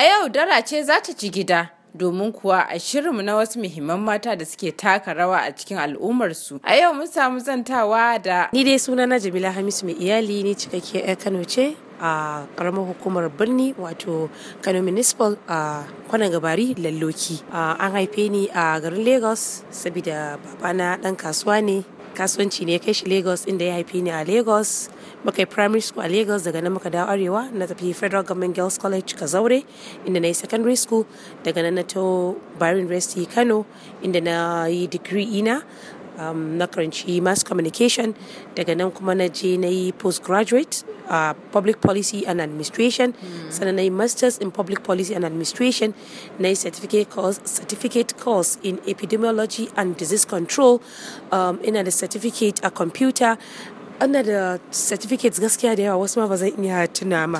A yau dara ce za ta ci gida. domin kuwa a shirinmu na wasu muhimman mata da suke taka rawa a cikin al'ummarsu. A yau mun samu zantawa da. Ni dai suna na Jamila Hamisu mai iyali ni cikakke 'yar Kano ce a karamar hukumar birni wato Kano Municipal a kwanan gabari lalloki. An haife ni a garin Lagos saboda babana ɗan kasuwa ne kasuwanci ne kai shi lagos inda ya haife ni a lagos muka yi primary school a lagos daga nan muka dawo arewa na tafi federal government girls college ka kazaure inda na yi secondary school daga nan na to bayero university kano inda na yi degree ina um, na karanci mass communication daga nan kuma na je na yi postgraduate a uh, public policy and administration mm. sannan na yi masters in public policy and administration na yi certificate course, in epidemiology and disease control um, ina da certificate a computer ana da certificates gaskiya da yawa wasu ma ba zan iya tuna ma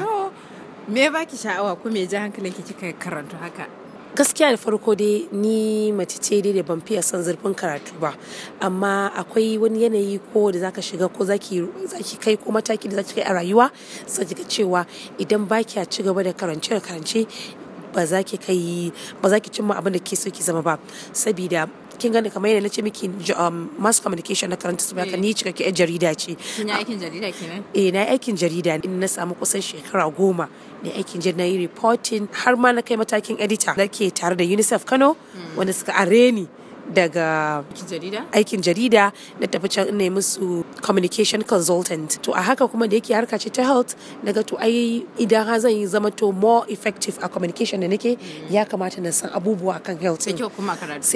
me baki sha'awa ko me ji hankalinki kika karanta haka gaskiya da farko dai ni mace ce dai da ban fiya son zurfin karatu ba amma akwai wani yanayi ko da zaka shiga ko zaki kai ko mataki da zaki kai a rayuwa sai kika cewa idan ba ki ci gaba da karance da karance ba za ki kai ba za ki cimma abin da ke so ki zama ba saboda kin gani kamar yadda nace miki um, mass communication na karanta su haka eh. ni cikakke yar jarida ce kin yi aikin jarida kenan eh na aikin jarida in na samu kusan shekara goma ne aikin jarida na yi reporting har ma na kai matakin editor nake tare da UNICEF Kano hmm. wanda suka are ni daga aikin jarida na tafi can ina musu communication consultant to a haka kuma da yake harka ce ta health daga to ai idan ha zan yi zama to more effective a communication da nake mm. ya kamata na san abubuwa kan health sai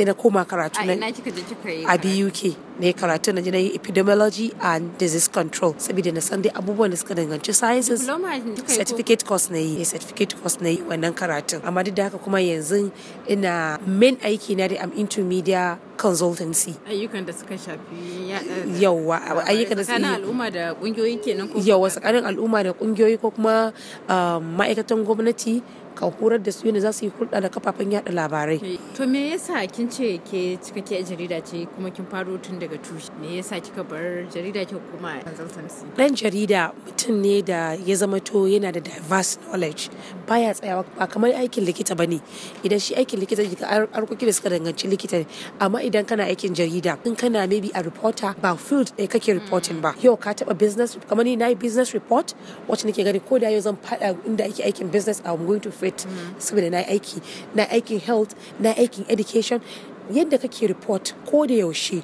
na koma karatu a ina ke a BUK na karatu na na yi epidemiology and disease control saboda na san dai abubuwan da suka danganci sciences certificate course na yi eh, certificate course na yi wannan karatun amma duk da haka kuma yanzu ina main aiki na da am into media consultancy ayyukan da suka shafi yawa ayyukan da suka tsakanin al'umma da kungiyoyi kenan ko yawa tsakanin al'umma da kungiyoyi ko kuma ah, ma'aikatan gwamnati ka horar da su yadda za su yi hulɗa da kafafen yaɗa labarai. Eh, to me yasa kin ce ke jarida ce kuma kin faro tun daga tushe me yasa kika bar jarida ke kuma consultancy? Ɗan jarida mutum ne da ya zama to yana da diverse knowledge baya tsayawa ba kamar aikin likita ne idan shi aikin likita harkoki da suka danganci likita ne amma idan kana aikin jarida in kana maybe a reporter ba field ɗaya kake reporting ba yau ka taɓa business kamar ni na yi business report wacce nake gani ko da yau zan faɗa inda ake aikin business a going to profit saboda na aiki na aikin health na aikin education yadda kake report ko da yaushe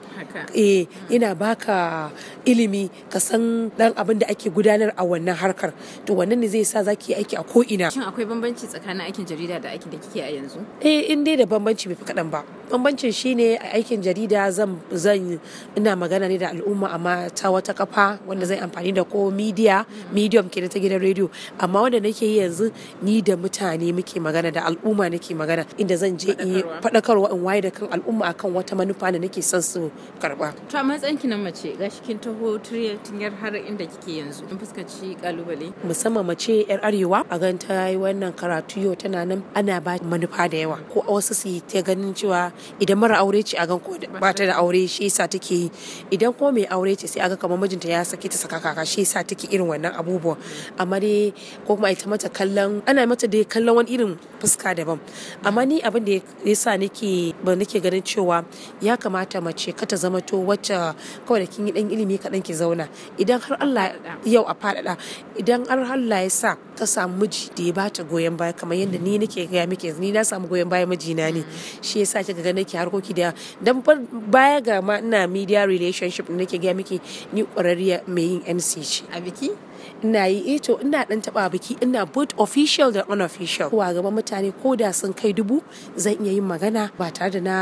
eh ina baka ilimi ka san dan abin da ake gudanar a wannan harkar to wannan ne zai sa zaki aiki a ko ina shin akwai bambanci tsakanin aikin jarida da aikin da kike a yanzu eh in dai da bambanci bai fi kadan ba bambancin shine a aikin jarida zan zan ina magana ne da al'umma amma ta wata kafa wanda zai amfani da ko media medium ke ta gidan rediyo amma wanda nake yi yanzu ni da mutane muke magana da al'umma nake magana inda zan je in faɗakarwa in waye da kan al'umma akan wata manufa da nake son su karba. To a matsayin ki na mace gashi kin taho har inda kike yanzu in fuskanci kalubale. Musamman mace yar arewa a gan ta yi wannan karatu yau tana nan ana ba manufa da yawa ko wasu su ta ganin cewa idan mara aure ce a gan ko ba ta da aure shi yasa take yi idan ko mai aure ce sai aga kamar mijinta ya saki ta saka kaka shi yasa take irin wannan abubuwa. amma dai ko kuma ita mata kallon ana mata dai kallon wani irin fuska daban amma ni abin da yasa nake ba nake ganin cewa ya kamata mace ka ta zama to wacce kawai da kin yi dan ilimi kaɗan ki zauna idan har Allah yau a fadada idan har Allah ya sa ta samu miji da ya bata goyon baya kamar yadda ni nake gaya miki ni na samu goyon baya miji na ne shi yasa ki ga nake harkoki da dan baya ga ma ina media relationship nake gaya miki ni ƙwararriya mai yin MC ce a biki ina yi eto eh ina dan taba biki ina both official da unofficial kuwa gaba mutane ko da sun kai dubu zan iya yin magana ba tare da na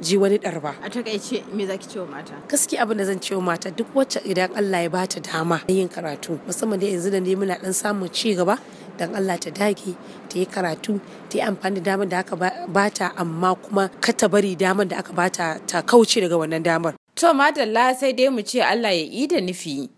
ji wani dar ba. A takaice me zaki ce mata? Gaskiya abin da zan ce wa mata duk wacce idan Allah ya bata dama yin karatu musamman da yanzu da ne muna dan samun ci gaba dan Allah ta dage ta yi karatu ta yi amfani da damar da aka bata amma kuma ka ta bari damar da aka bata ta kauce daga wannan damar. To madalla sai dai mu ce Allah ya yi da nufi.